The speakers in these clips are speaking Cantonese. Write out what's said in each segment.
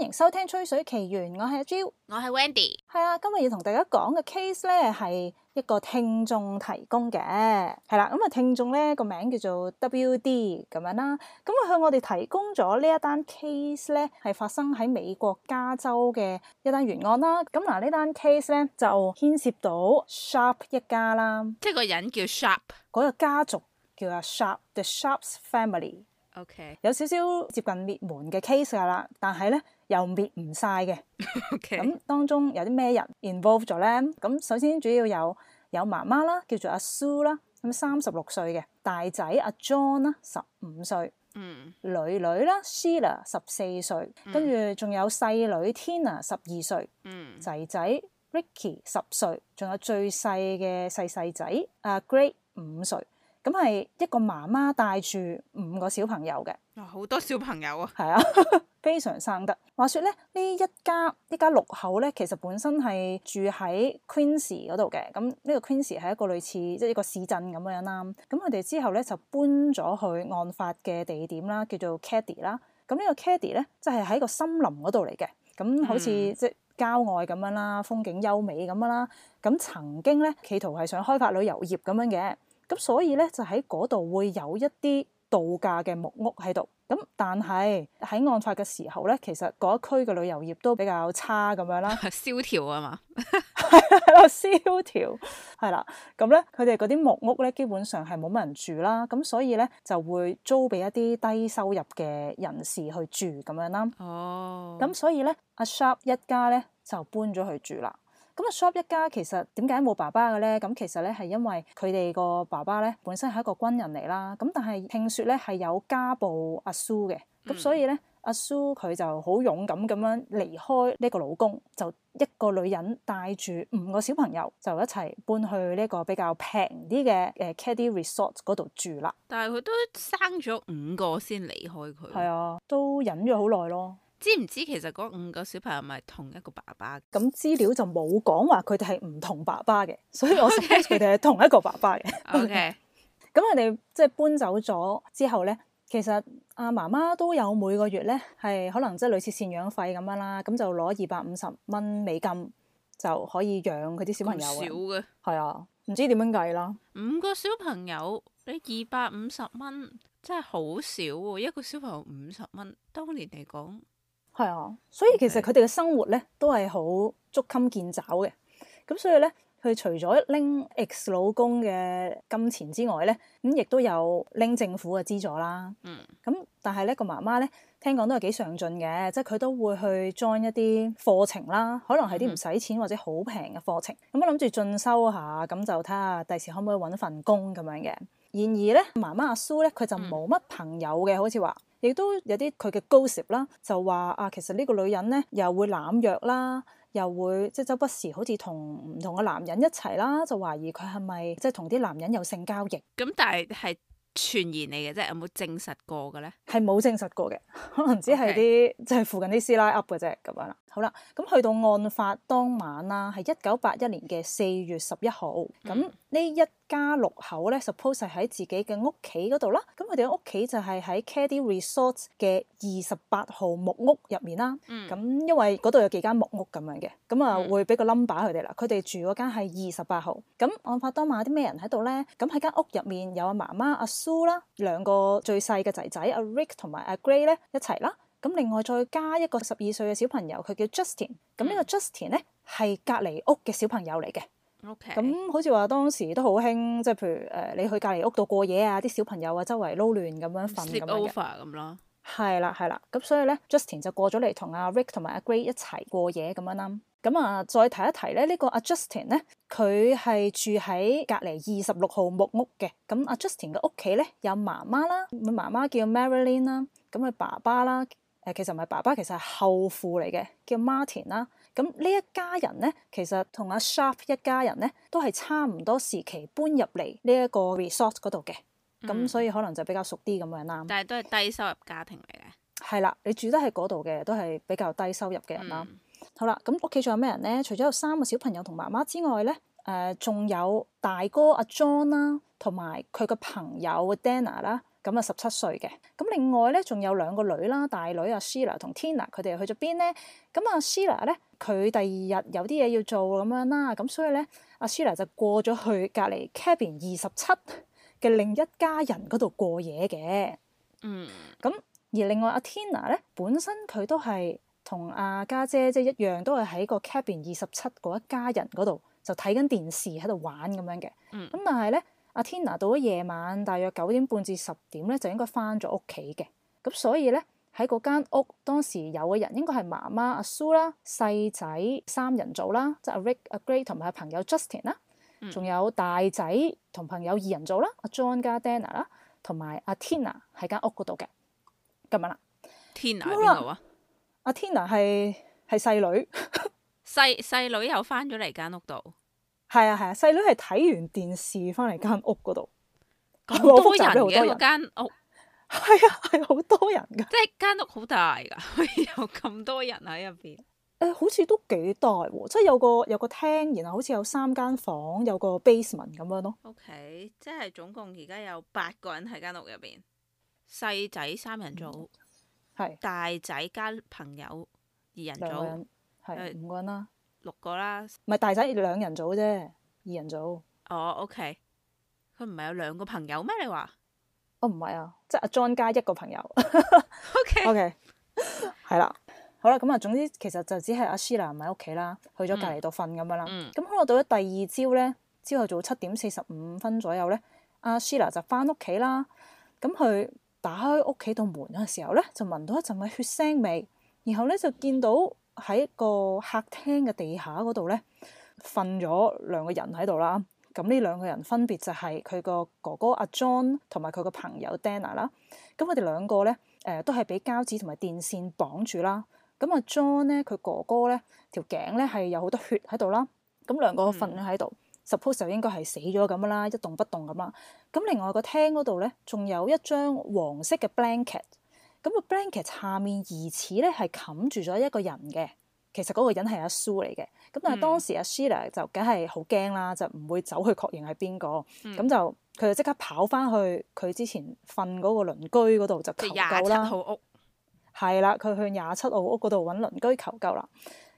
歡迎收聽《吹水奇緣》，我係阿 Jill，我係 Wendy，係啊，今日要同大家講嘅 case 咧係一個聽眾提供嘅，係啦、啊，咁啊聽眾咧個名叫做 WD 咁樣啦，咁啊向我哋提供咗呢一單 case 咧係發生喺美國加州嘅一單懸案啦，咁嗱呢單 case 咧就牽涉到 Sharp 一家啦，即係個人叫 Sharp，嗰個家族叫啊 Sharp，The Sharps Family，OK，Okay. 有少少接近滅門嘅 case 噶啦，但係咧，又滅唔晒嘅。咁 Okay. 當中有啲咩人 involved 咗咧？咁首先主要有有媽媽啦，叫做阿蘇啦，咁三十六歲嘅大仔阿 John 啦，十五歲，嗯，mm. 女女啦，Sheila 十四歲，跟住仲有細女 Tina 十二歲，嗯、mm.，仔仔 Ricky 十歲，仲有最細嘅細細仔阿 Gray 五歲。咁係一個媽媽帶住五個小朋友嘅，哦、好多小朋友啊，係啊，非常生得。話說咧，呢一家一家六口咧，其實本身係住喺 Queensie 嗰度嘅。咁呢個 Queensie 係一個類似即係一個市鎮咁樣啦。咁佢哋之後咧就搬咗去案發嘅地點啦，叫做 Keddie 啦。咁呢個 Keddie 咧，即係喺個森林嗰度嚟嘅。咁好似、嗯、即係郊外咁樣啦，風景優美咁樣啦。咁曾經咧，企圖係想開發旅遊業咁樣嘅。咁所以咧，就喺嗰度會有一啲度假嘅木屋喺度。咁但係喺案發嘅時候咧，其實嗰一區嘅旅遊業都比較差咁樣啦， 蕭條啊嘛， 蕭條係啦。咁 咧，佢哋嗰啲木屋咧，基本上係冇乜人住啦。咁所以咧，就會租俾一啲低收入嘅人士去住咁樣啦。哦，咁所以咧，阿 Sharp 一家咧就搬咗去住啦。咁阿 s h o p 一家其實點解冇爸爸嘅咧？咁其實咧係因為佢哋個爸爸咧本身係一個軍人嚟啦。咁但係聽説咧係有家暴阿 Sue 嘅。咁、嗯、所以咧阿 Sue 佢就好勇敢咁樣離開呢個老公，就一個女人帶住五個小朋友就一齊搬去呢個比較平啲嘅誒 Keddie Resort 嗰度住啦。但係佢都生咗五個先離開佢。係啊，都忍咗好耐咯。知唔知其實嗰五個小朋友咪同一個爸爸？咁資料就冇講話佢哋係唔同爸爸嘅，所以我諗佢哋係同一個爸爸嘅。OK，咁佢哋即係搬走咗之後咧，其實阿、啊、媽媽都有每個月咧係可能即係類似贍養費咁樣啦，咁就攞二百五十蚊美金就可以養佢啲小朋友少嘅，係啊，唔知點樣計囉。五個小朋友你二百五十蚊真係好少喎、哦，一個小朋友五十蚊，當年嚟講。係啊，所以其實佢哋嘅生活咧都係好捉襟見肘嘅。咁所以咧，佢除咗拎 ex 老公嘅金錢之外咧，咁亦都有拎政府嘅資助啦。嗯。咁但係咧，個媽媽咧聽講都係幾上進嘅，即係佢都會去 join 一啲課程啦，可能係啲唔使錢或者好平嘅課程。咁啊、嗯，諗住進修下，咁就睇下第時可唔可以揾份工咁樣嘅。然而咧，媽媽阿蘇咧，佢就冇乜朋友嘅，嗯、好似話。亦都有啲佢嘅 gossip 啦，就話啊，其實呢個女人咧又會濫藥啦，又會即係周不時好似同唔同嘅男人一齊啦，就懷疑佢係咪即係同啲男人有性交易？咁但係係傳言嚟嘅即係，有冇證實過嘅咧？係冇證實過嘅，可能只係啲即係附近啲師奶 up 嘅啫咁樣啦。好啦，咁去到案發當晚啦，係一九八一年嘅四月十一號。咁呢、嗯、一家六口咧，suppose 係喺自己嘅屋企嗰度啦。咁佢哋嘅屋企就係喺 Keddie Resorts 嘅二十八號木屋入面啦。咁、嗯、因為嗰度有幾間木屋咁樣嘅，咁、嗯、啊會俾個 number 佢哋啦。佢哋住嗰間係二十八號。咁案發當晚有啲咩人喺度咧？咁喺間屋入面有阿、啊、媽媽阿 Sue 啦，啊、oo，兩個最細嘅仔仔阿、啊、Rick 同埋、啊、阿 Gray 咧一齊啦。咁另外再加一個十二歲嘅小朋友，佢叫 Justin。咁呢個 Justin 咧係、嗯、隔籬屋嘅小朋友嚟嘅。OK。咁好似話當時都好興，即係譬如誒、呃、你去隔籬屋度過夜啊，啲小朋友啊周圍撈亂咁樣瞓咁樣嘅。Set over 咁咯。係啦係啦，咁所以咧 Justin 就過咗嚟同阿 Rick 同埋阿 Grey 一齊過夜咁樣啦。咁啊再提一提咧呢、這個、啊、Justin 咧，佢係住喺隔籬二十六號木屋嘅。咁阿、啊、Justin 嘅屋企咧有媽媽啦，佢媽媽叫 Marilyn 啦，咁佢爸爸啦。誒其實唔係爸爸，其實係後父嚟嘅，叫 Martin 啦。咁呢一家人咧，其實同阿 Sharp 一家人咧，都係差唔多時期搬入嚟呢一個 resort 嗰度嘅。咁、嗯、所以可能就比較熟啲咁樣啦。但係都係低收入家庭嚟嘅。係啦，你住得喺嗰度嘅，都係比較低收入嘅人啦。嗯、好啦，咁屋企仲有咩人咧？除咗有三個小朋友同媽媽之外咧，誒、呃、仲有大哥阿 John 啦，同埋佢嘅朋友 Dana 啦。咁啊，十七歲嘅。咁另外咧，仲有兩個女啦，大女阿 Sheila 同 Tina，佢哋去咗邊咧？咁、啊、阿 Sheila 咧，佢第二日有啲嘢要做咁樣啦、啊，咁所以咧，阿、啊、Sheila 就過咗去隔離 Cabin 二十七嘅另一家人嗰度過夜嘅。嗯。咁而另外阿、啊、Tina 咧，本身佢都係同阿家姐即係一樣，都係喺個 Cabin 二十七嗰一家人嗰度就睇緊電視喺度玩咁樣嘅。嗯。咁但係咧。阿 Tina 到咗夜晚，大約九點半至十點咧，就應該翻咗屋企嘅。咁所以咧，喺嗰間屋當時有嘅人，應該係媽媽阿 Sue 啦、細仔三人組啦，即係阿 Rick、阿 Greg 同埋朋友 Justin 啦、嗯，仲有大仔同朋友二人組啦，阿 John 加 Dana 啦，同埋阿 Tina 喺間屋嗰度嘅。咁樣啦，Tina 邊度啊？阿 Tina 係係細女，細細女又翻咗嚟間屋度。係啊，係啊，細女係睇完電視翻嚟間屋嗰度，咁多人嘅嗰間屋，係啊，係好多人噶、 呃啊，即係間屋好大噶，有咁多人喺入邊。誒，好似都幾大喎，即係有個有個廳，然後好似有三間房，有個 basement 咁樣咯、啊。O、okay, K，即係總共而家有八個人喺間屋入邊，細仔三人組，係、嗯、大仔加朋友二人組，係是五個人啦。六個啦，唔係大仔兩人組啫，二人組。哦、oh，OK，佢唔係有兩個朋友咩？你話？哦，唔係啊，即係阿 John 加一個朋友。OK，OK，係啦，好啦，咁啊，總之其實就只係阿 Shila 唔喺屋企啦，去咗隔籬度瞓咁樣啦。咁可能到咗第二朝咧，朝頭早七點四十五分左右咧，阿 Shila 就翻屋企啦。咁佢打開屋企度門嗰陣時候咧，就聞到一陣嘅血腥味，然後咧就見到。喺個客廳嘅地下嗰度咧，瞓咗兩個人喺度啦。咁呢兩個人分別就係佢個哥哥阿 John 同埋佢個朋友 Dana 啦。咁佢哋兩個咧，誒、呃、都係俾膠紙同埋電線綁住啦。咁阿 John 咧，佢哥哥咧，條頸咧係有好多血喺度啦。咁兩個瞓喺度，suppose 應該係死咗咁啦，一動不動咁啊。咁另外個廳嗰度咧，仲有一張黃色嘅 blanket。咁個 blanket 下面疑似咧係冚住咗一個人嘅，其實嗰個人係阿 Sue 嚟嘅。咁但係當時阿 Sheila 就梗係好驚啦，就唔會走去確認係邊個，咁、嗯、就佢就即刻跑翻去佢之前瞓嗰個鄰居嗰度就求救啦。係啦，佢去廿七號屋嗰度揾鄰居求救啦。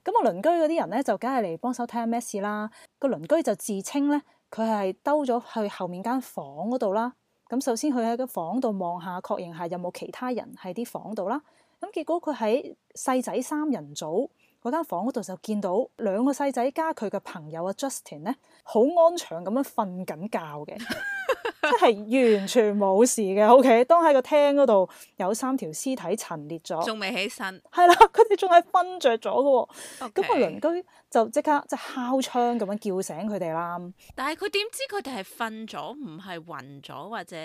咁個鄰居嗰啲人咧就梗係嚟幫手睇下咩事啦。個鄰居就自稱咧佢係兜咗去後面間房嗰度啦。咁首先佢喺個房度望下，確認下有冇其他人喺啲房度啦。咁結果佢喺細仔三人組嗰間房嗰度就見到兩個細仔加佢嘅朋友啊 Justin 咧，好安詳咁樣瞓緊覺嘅。即係 完全冇事嘅，OK。當喺個廳嗰度有三條屍體陳列咗，仲未起身。係啦，佢哋仲係瞓着咗嘅喎。咁個 Okay. 鄰居就即刻即係敲窗咁樣叫醒佢哋啦。但係佢點知佢哋係瞓咗，唔係暈咗，或者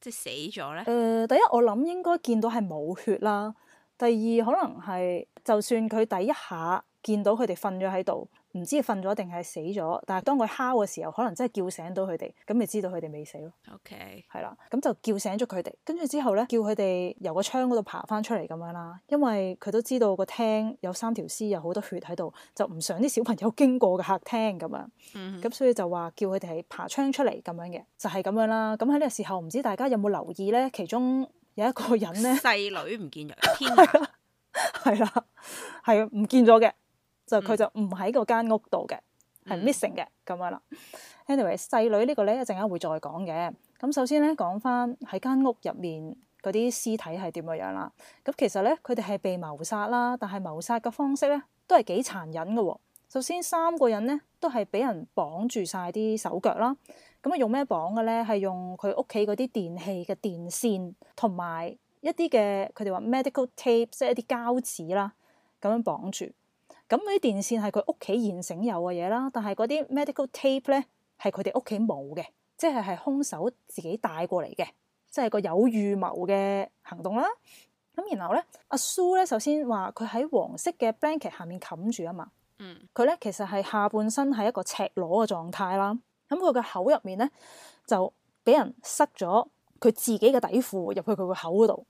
即係死咗咧？誒、呃，第一我諗應該見到係冇血啦。第二可能係，就算佢第一下見到佢哋瞓咗喺度。唔知瞓咗定係死咗，但係當佢敲嘅時候，可能真係叫醒到佢哋，咁咪知道佢哋未死咯。OK，係啦，咁就叫醒咗佢哋，跟住之後咧，叫佢哋由個窗嗰度爬翻出嚟咁樣啦。因為佢都知道個廳有三條屍，有好多血喺度，就唔想啲小朋友經過嘅客廳咁樣。嗯、mm，咁、hmm. 所以就話叫佢哋爬窗出嚟咁樣嘅，就係、是、咁樣啦。咁喺呢個時候，唔知大家有冇留意咧？其中有一個人咧，細女唔見咗， 天啊下，係啦， 係啊，唔見咗嘅。就佢就唔喺個間屋度嘅，係 missing 嘅咁樣啦。Anyway，細女個呢個咧一陣間會再講嘅。咁首先咧講翻喺間屋入面嗰啲屍體係點樣樣啦。咁其實咧佢哋係被謀殺啦，但係謀殺嘅方式咧都係幾殘忍嘅哦。首先三個人咧都係俾人綁住晒啲手腳啦。咁啊用咩綁嘅咧？係用佢屋企嗰啲電器嘅電線同埋一啲嘅佢哋話 medical tape，即係一啲膠紙啦，咁樣綁住。咁啲電線係佢屋企現成有嘅嘢啦，但係嗰啲 medical tape 咧係佢哋屋企冇嘅，即係係兇手自己帶過嚟嘅，即係個有預謀嘅行動啦。咁然後咧，阿蘇咧首先話佢喺黃色嘅 blanket 下面冚住啊嘛，嗯，佢咧其實係下半身係一個赤裸嘅狀態啦。咁佢嘅口入面咧就俾人塞咗佢自己嘅底褲入去佢個口嗰度，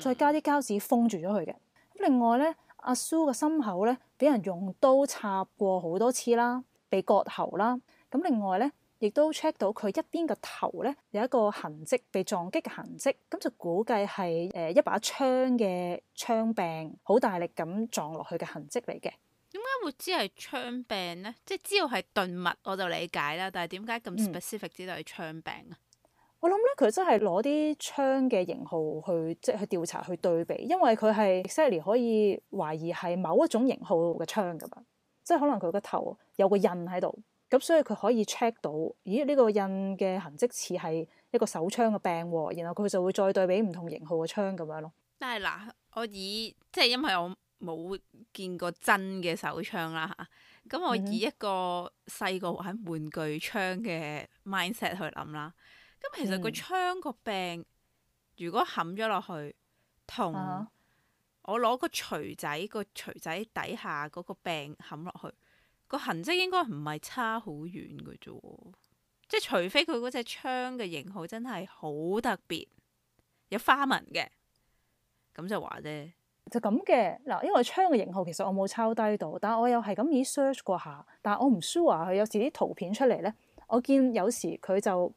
再加啲膠紙封住咗佢嘅。另外咧。阿蘇嘅心口咧，俾人用刀插過好多次啦，被割喉啦。咁另外咧，亦都 check 到佢一邊嘅頭咧有一個痕跡，被撞擊嘅痕跡，咁就估計係誒一把槍嘅槍柄好大力咁撞落去嘅痕跡嚟嘅。點解會知係槍柄咧？即係知道係鈍物，我就理解啦。但係點解咁 specific 知道係槍柄啊？嗯我諗咧，佢真係攞啲槍嘅型號去，即係去調查去對比，因為佢係 exactly 可以懷疑係某一種型號嘅槍咁樣，即係可能佢個頭有個印喺度，咁所以佢可以 check 到，咦呢個印嘅痕跡似係一個手槍嘅病，然後佢就會再對比唔同型號嘅槍咁樣咯。但係嗱，我以即係因為我冇見過真嘅手槍啦，咁我以一個細個玩玩具槍嘅 mindset 去諗啦。咁、嗯、其實個槍個柄如果冚咗落去，同我攞個錘仔個錘仔底下嗰個柄冚落去個痕跡，應該唔係差好遠嘅啫。即係除非佢嗰隻槍嘅型號真係好特別，有花紋嘅，咁就話啫。就咁嘅嗱，因為槍嘅型號其實我冇抄低到，但我又係咁已 search 過下，但係我唔 sure 話佢有時啲圖片出嚟咧。我見有時佢就。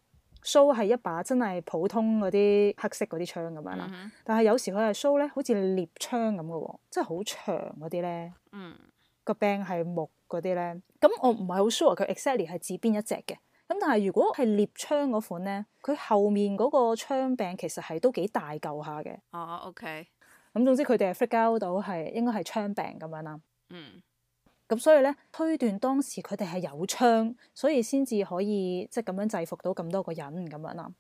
s o 蘇，係一把真係普通嗰啲黑色嗰啲槍咁樣啦，但係有時佢係蘇咧，好似獵槍咁嘅喎，即係好長嗰啲咧。嗯，個柄係木嗰啲咧，咁我唔係好 sure 佢 exactly 係指邊一隻嘅。咁但係如果係獵槍嗰款咧，佢後面嗰個槍柄其實係都幾大嚿下嘅。哦、oh，OK。咁總之佢哋係 figure out 到係應該係槍柄咁樣啦。嗯。Mm. 咁所以咧，推斷當時佢哋係有槍，所以先至可以即係咁樣制服到咁多個人咁樣啦。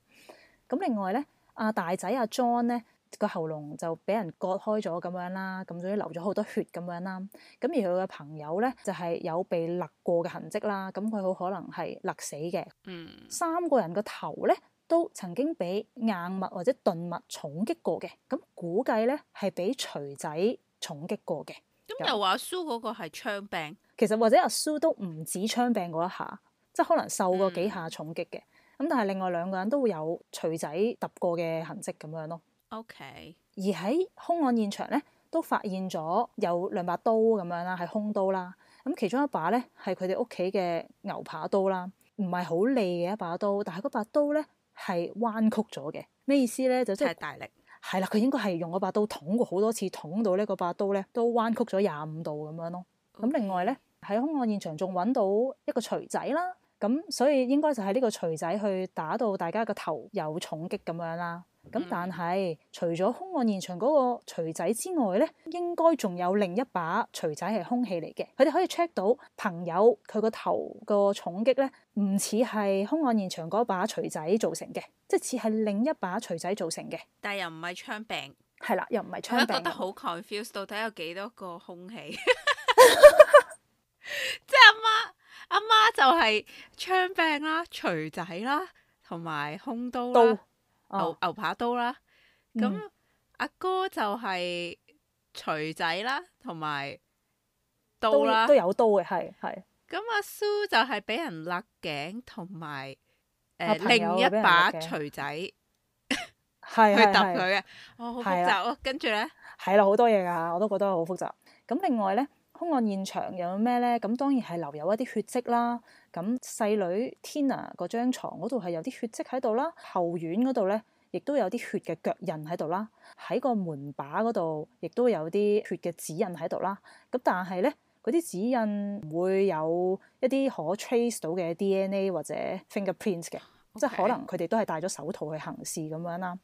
咁另外咧，阿大仔阿、啊、John 咧個喉嚨就俾人割開咗咁樣啦，咁所以流咗好多血咁樣啦。咁而佢嘅朋友咧就係、是、有被勒過嘅痕跡啦，咁佢好可能係勒死嘅。嗯，三個人個頭咧都曾經俾硬物或者鈍物重擊過嘅，咁估計咧係俾錘仔重擊過嘅。咁又話蘇嗰個係槍柄，其實或者阿蘇都唔止槍柄嗰一下，即係可能受過幾下重擊嘅。咁但係另外兩個人都會有錘仔揼過嘅痕跡咁樣咯。OK。而喺兇案現場咧，都發現咗有兩把刀咁樣啦，係兇刀啦。咁其中一把咧係佢哋屋企嘅牛扒刀啦，唔係好利嘅一把刀，但係嗰把刀咧係彎曲咗嘅。咩意思咧？就即係大力。係啦，佢應該係用嗰把刀捅過好多次，捅到呢個把刀咧都彎曲咗廿五度咁樣咯。咁另外咧，喺兇案現場仲揾到一個錘仔啦，咁所以應該就係呢個錘仔去打到大家個頭有重擊咁樣啦。咁、嗯、但係除咗凶案現場嗰個錘仔之外咧，應該仲有另一把錘仔係凶器嚟嘅。佢哋可以 check 到朋友佢個頭個重擊咧，唔似係凶案現場嗰把錘仔造成嘅，即係似係另一把錘仔造成嘅。但係又唔係槍柄。係啦，又唔係槍柄。覺得好 confused，到底有幾多個凶器？ 即係阿媽，阿媽就係槍柄啦、錘仔啦、同埋兇刀啦。刀牛牛扒刀啦，咁阿、嗯、哥就係錘仔啦，同埋刀啦，都有刀嘅，係係。咁阿蘇就係俾人勒頸，同埋誒另一把錘仔係 去揼佢嘅，是是是。哦好複雜啊。啊跟住咧，係啦好多嘢噶，我都覺得好複雜。咁另外咧。凶案現場有咩咧？咁當然係留有一啲血跡啦。咁細女 Tina 嗰張牀嗰度係有啲血跡喺度啦。後院嗰度咧，亦都有啲血嘅腳印喺度啦。喺個門把嗰度，亦都有啲血嘅指印喺度啦。咁但係咧，嗰啲指印唔會有一啲可 trace 到嘅 DNA 或者 fingerprints 嘅 Okay，即係可能佢哋都係戴咗手套去行事咁樣啦。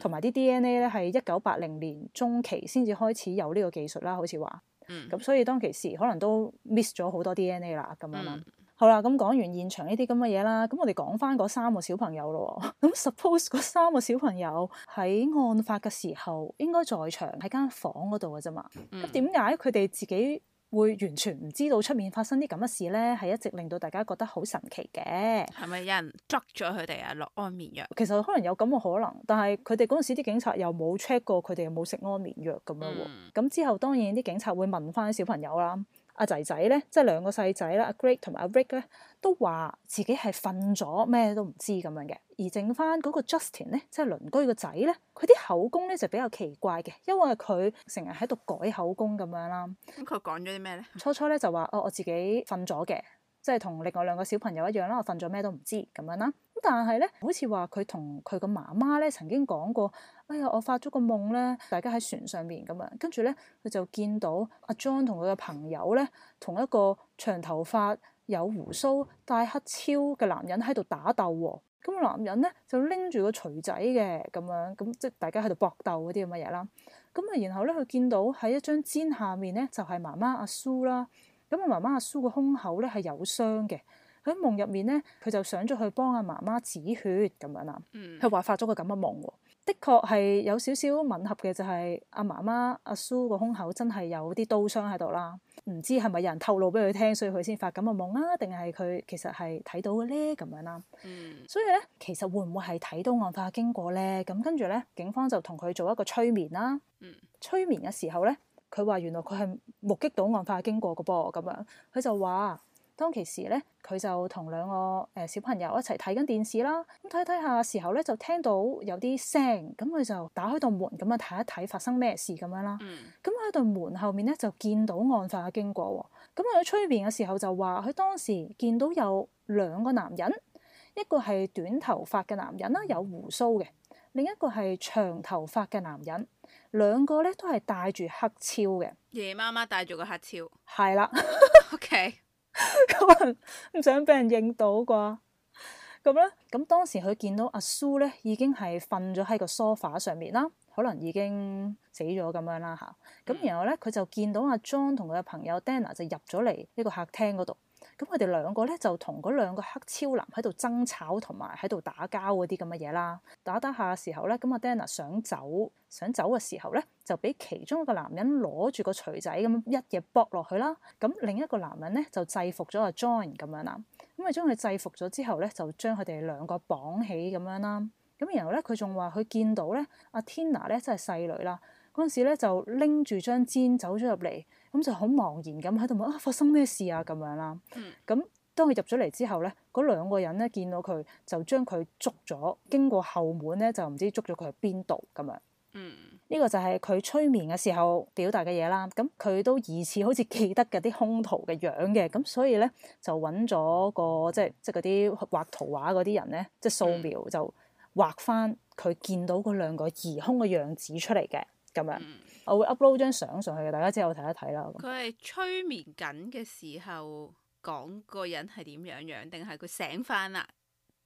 同埋啲 DNA 咧係一九八零年中期先至開始有呢個技術啦，好似話。咁、嗯、所以當其時可能都 miss 咗、嗯、好多 DNA 啦咁樣啦。好啦，咁講完現場呢啲咁嘅嘢啦，咁我哋講翻嗰三個小朋友咯。咁 suppose 嗰三個小朋友喺案發嘅時候應該在場喺間房嗰度嘅啫嘛。咁點解佢哋自己會完全唔知道出面發生啲咁嘅事咧，係一直令到大家覺得好神奇嘅。係咪有人捉咗佢哋啊？落安眠藥？其實可能有咁嘅可能，但係佢哋嗰陣時啲警察又冇 check 過佢哋有冇食安眠藥咁樣喎。咁、嗯、之後當然啲警察會問翻啲小朋友啦。阿仔仔咧，即係兩個細仔啦，阿 Greg 同埋阿 Rick 咧，都話自己係瞓咗，咩都唔知咁樣嘅。而剩翻嗰個 Justin 咧，即係鄰居個仔咧，佢啲口供咧就比較奇怪嘅，因為佢成日喺度改口供咁樣啦。咁佢講咗啲咩咧？初初咧就話：哦，我自己瞓咗嘅。即係同另外兩個小朋友一樣啦，我瞓咗咩都唔知咁樣啦。咁但係咧，好似話佢同佢個媽媽咧曾經講過，哎呀，我發咗個夢咧，大家喺船上面咁樣，跟住咧佢就見到阿 John 同佢嘅朋友咧，同一個長頭髮、有鬍鬚、戴黑超嘅男人喺度打鬥喎，哦。咁個男人咧就拎住個錘仔嘅咁樣，咁即係大家喺度搏鬥嗰啲咁嘅嘢啦。咁啊，然後咧佢見到喺一張氈下面咧就係媽媽阿蘇啦。咁阿媽媽阿蘇個胸口咧係有傷嘅，喺夢入面咧，佢就上咗去幫阿媽媽止血咁樣啦。佢話發咗個咁嘅夢，的確係有少少吻合嘅，就係、是、阿媽媽阿蘇個胸口真係有啲刀傷喺度啦。唔知係咪有人透露俾佢聽，所以佢先發咁嘅夢啊。定係佢其實係睇到嘅咧咁樣啦。所以咧，其實會唔會係睇到案發經過咧？咁跟住咧，警方就同佢做一個催眠啦。催眠嘅時候咧。佢話原來佢係目擊到案發經過嘅噃，咁樣佢就話當其時咧，佢就同兩個誒、呃、小朋友一齊睇緊電視啦。咁睇睇下時候咧，就聽到有啲聲，咁佢就打開道門咁啊，睇一睇發生咩事咁樣啦。咁喺道門後面咧，就見到案發嘅經過喎。咁佢喺催眠嘅時候就話佢當時見到有兩個男人，一個係短頭髮嘅男人啦，有鬍鬚嘅。另一個係長頭髮嘅男人，兩個咧都係戴住黑超嘅。夜媽媽戴住個黑超，係啦。O K，可能唔想俾人認到啩咁咧。咁當時佢見到阿蘇咧已經係瞓咗喺個梳化上面啦，可能已經死咗咁樣啦吓。咁然後咧佢就見到阿 John 同佢嘅朋友 Dana 就入咗嚟呢個客廳嗰度。咁佢哋兩個咧就同嗰兩個黑超男喺度爭吵，同埋喺度打交嗰啲咁嘅嘢啦。打打下時候咧，咁阿 Dana 想走，想走嘅時候咧，就俾其中一個男人攞住個錘仔咁一嘢搏落去啦。咁另一個男人咧就制服咗阿 John 咁樣啦。咁啊將佢制服咗之後咧，就將佢哋兩個綁起咁樣啦。咁然後咧，佢仲話佢見到咧阿 Tina 咧真係細女啦，嗰陣時咧就拎住張氈走咗入嚟。咁就好茫然咁喺度問：「啊，發生咩事啊？」咁樣啦。咁當佢入咗嚟之後咧，嗰兩個人咧見到佢就將佢捉咗，經過後門咧就唔知捉咗佢去邊度咁樣。嗯、呢個就係佢催眠嘅時候表達嘅嘢啦。咁佢都疑似好似記得嘅啲兇徒嘅樣嘅，咁所以咧就揾咗個即係即係嗰啲畫圖畫嗰啲人咧，即係素描就畫返佢見到嗰兩個疑兇嘅樣子出嚟嘅咁樣。嗯我會 upload 張相上去嘅，大家之後睇一睇啦。佢係催眠緊嘅時候講個人係點樣樣，定係佢醒翻啦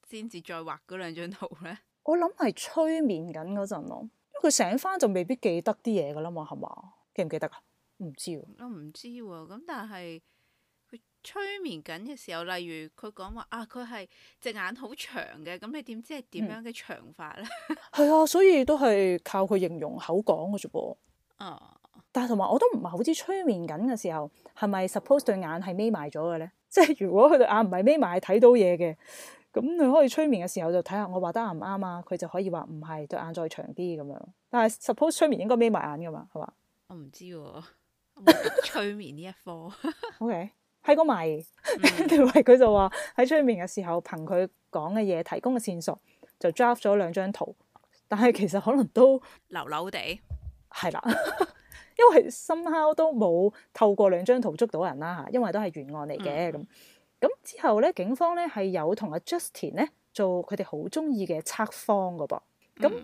先至再畫嗰兩張圖咧？我諗係催眠緊嗰陣咯，因為佢醒翻就未必記得啲嘢噶啦嘛，係嘛？記唔記得啊？唔知喎，我唔知喎。咁但係佢催眠緊嘅時候，例如佢講話啊，佢係隻眼好長嘅，咁你點知係點樣嘅長法咧？係、嗯、 啊，所以都係靠佢形容口講嘅啫噃。哦，但係同埋我都唔係好知催眠緊嘅時候係咪 suppose 對眼係眯埋咗嘅咧？即係如果佢對眼唔係眯埋係睇到嘢嘅，咁佢可以催眠嘅時候就睇下我畫得啱唔啱啊？佢就可以話唔係，對眼再長啲咁樣。但係 suppose 催眠應該眯埋眼噶嘛，係嘛、啊？我唔知喎，催眠呢一科。O K，喺個迷，佢 就話喺催眠嘅時候憑佢講嘅嘢提供嘅線索就 drop 咗兩張圖，但係其實可能都流流地。係啦， 因為深好都冇透過兩張圖捉到人啦吓，因為都係懸案嚟嘅咁。咁之、嗯、後咧，警方咧係有同阿 Justin 咧做佢哋好中意嘅測謊噶噃。咁喺、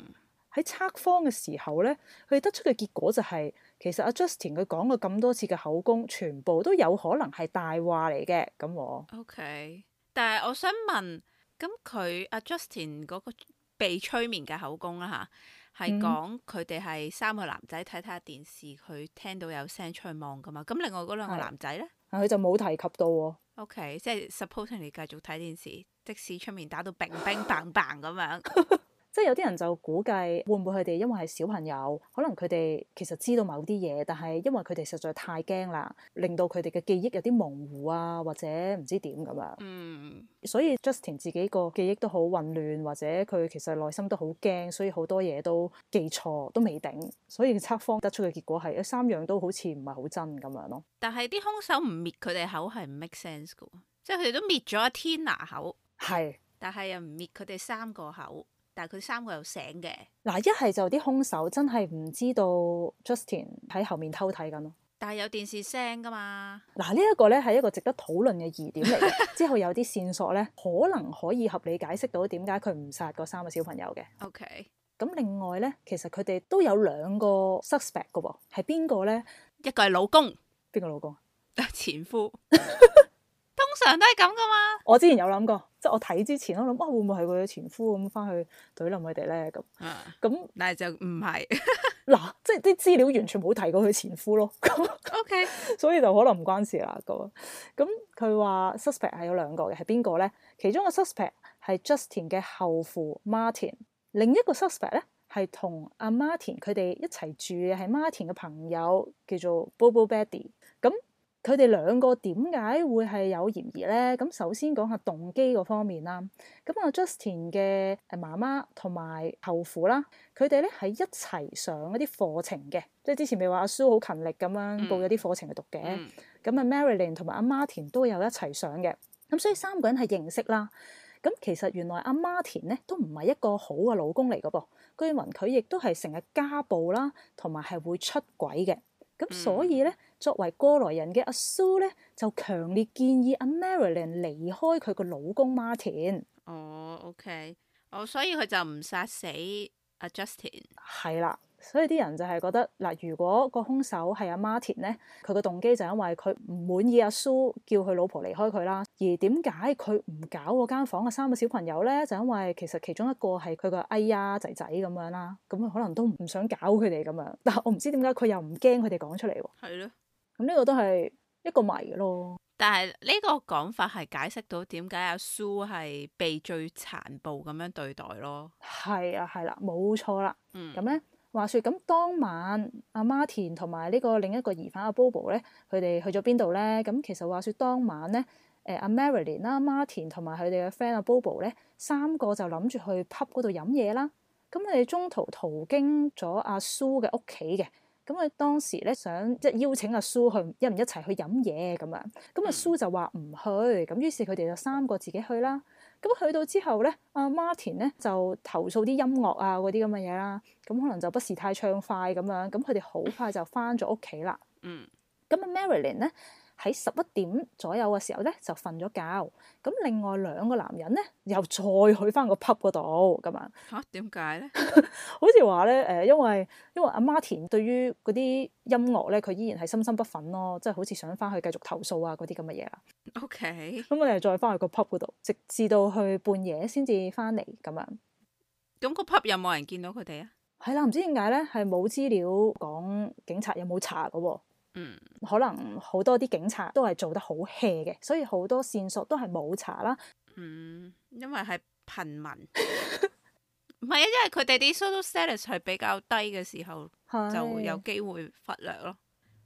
嗯、測謊嘅時候咧，佢哋得出嘅結果就係、是，其實阿 Justin 佢講過咁多次嘅口供，全部都有可能係大話嚟嘅咁。O、okay. K，但係我想問，咁佢阿 Justin 嗰個被催眠嘅口供啦吓。係講佢哋係三個男仔睇睇下電視，佢聽到有聲出去望㗎嘛？咁另外嗰兩個男仔呢，佢、嗯、就冇提及到。O、okay, K，即係 supposing 你繼續睇電視，即使出面打到乒乒乓乓咁樣。 即係有啲人就估計會唔會佢哋因為係小朋友，可能佢哋其實知道某啲嘢，但係因為佢哋實在太驚啦，令到佢哋嘅記憶有啲模糊啊，或者唔知點咁樣。嗯，所以 Justin 自己個記憶都好混亂，或者佢其實內心都好驚，所以好多嘢都記錯，都未定。所以測謊得出嘅結果係誒三樣都好似唔係好真咁樣咯。但係啲兇手唔滅佢哋口係唔 make sense 㗎，即係佢哋都滅咗 Tina 口係，是但係又唔滅佢哋三個口。但係佢三個又醒嘅，嗱一係就啲兇手真係唔知道 Justin 喺後面偷睇緊咯。但係有電視聲噶嘛？嗱呢一個咧係一個值得討論嘅疑點嚟嘅。 之後有啲線索咧，可能可以合理解釋到點解佢唔殺嗰三個小朋友嘅。OK。咁另外咧，其實佢哋都有兩個 suspect 噶噃，係邊個咧？一個係老公，邊個老公？前夫。 通常都係咁噶嘛。 我之前有諗過，即、就、係、是、我睇之前，我諗啊，會唔會係佢嘅前夫咁翻去懟冧佢哋咧？咁，咁、嗯，那但係就唔係。嗱、 啊，即係啲資料完全冇提過佢前夫咯。O Okay . K， 所以就可能唔關事啦。咁，咁佢話 suspect 係有兩個嘅，係邊個咧？其中個 suspect 係 Justin 嘅後父 Martin，另一個 suspect 咧係同阿 Martin 佢哋一齊住嘅係 Martin 嘅朋友叫做 Bobo Betty。佢哋兩個點解會係有嫌疑咧？咁首先講下動機嗰方面啦。咁啊 Justin 嘅媽媽同埋後父啦，佢哋咧係一齊上一啲課程嘅，即係之前咪話阿 Sue 好勤力咁樣報咗啲課程去讀嘅。咁啊 Marilyn 同埋阿 Martin 都有一齊上嘅。咁所以三個人係認識啦。咁其實原來阿 Martin 咧都唔係一個好嘅老公嚟嘅噃，據聞佢亦都係成日家暴啦，同埋係會出軌嘅。咁所以咧。Mm hmm. 作為過來人嘅阿蘇咧，就強烈建議阿 Marilyn 離開佢個老公 Martin。哦、oh，OK，我、oh, 所以佢就唔殺死阿 Justin。係啦，所以啲人就係覺得嗱，如果個兇手係阿 Martin 咧，佢個動機就因為佢唔滿意阿蘇叫佢老婆離開佢啦。而點解佢唔搞嗰間房嘅三個小朋友咧？就因為其實其中一個係佢個哎呀仔仔咁樣啦，咁佢可能都唔想搞佢哋咁樣。但係我唔知點解佢又唔驚佢哋講出嚟喎。係咯。咁呢個都係一個謎咯。但係呢個講法係解釋到點解阿蘇係被最殘暴咁樣對待咯。係啊，係啦，冇錯啦。嗯。咁咧，話説咁當晚阿、啊、Martin 同埋呢個另一個疑犯阿、啊、Bobo 咧，佢哋去咗邊度咧？咁其實話説當晚咧，誒、啊、阿 Marilyn 啦、啊、Martin 同埋佢哋嘅 friend 阿、啊、Bobo 咧，三個就諗住去 pub 嗰度飲嘢啦。咁佢哋中途途經咗阿蘇嘅屋企嘅。咁佢當時咧，想即係邀請阿蘇去一唔一齊去飲嘢咁樣，咁阿蘇就話唔去，咁於是佢哋就三個自己去啦。咁去到之後咧，阿、啊、Martin 咧就投訴啲音樂啊嗰啲咁嘅嘢啦，咁可能就不是太暢快咁樣，咁佢哋好快就返咗屋企啦。嗯，咁阿 Marilyn 咧。喺十一點左右嘅時候咧，就瞓咗覺。咁另外兩個男人咧，又再去翻個 pub 度咁樣。嚇、啊？點解咧？ 好似話咧，誒，因為因為阿 Martin，對於嗰啲音樂咧，佢依然係深深不憤咯，即係好似想翻去繼續投訴啊嗰啲咁嘅嘢啦。OK。咁我哋再翻去個 pub 度，直至到去半夜先至翻嚟咁樣。咁個 pub 有冇人見到佢哋啊？係啦，唔知點解咧，係冇資料講警察有冇查嘅。嗯，可能好多啲警察都係做得好 hea 嘅，所以好多線索都係冇查啦。嗯，因為係貧民，唔係啊，因為佢哋啲 social status 係比較低嘅時候是就有機會忽略咯。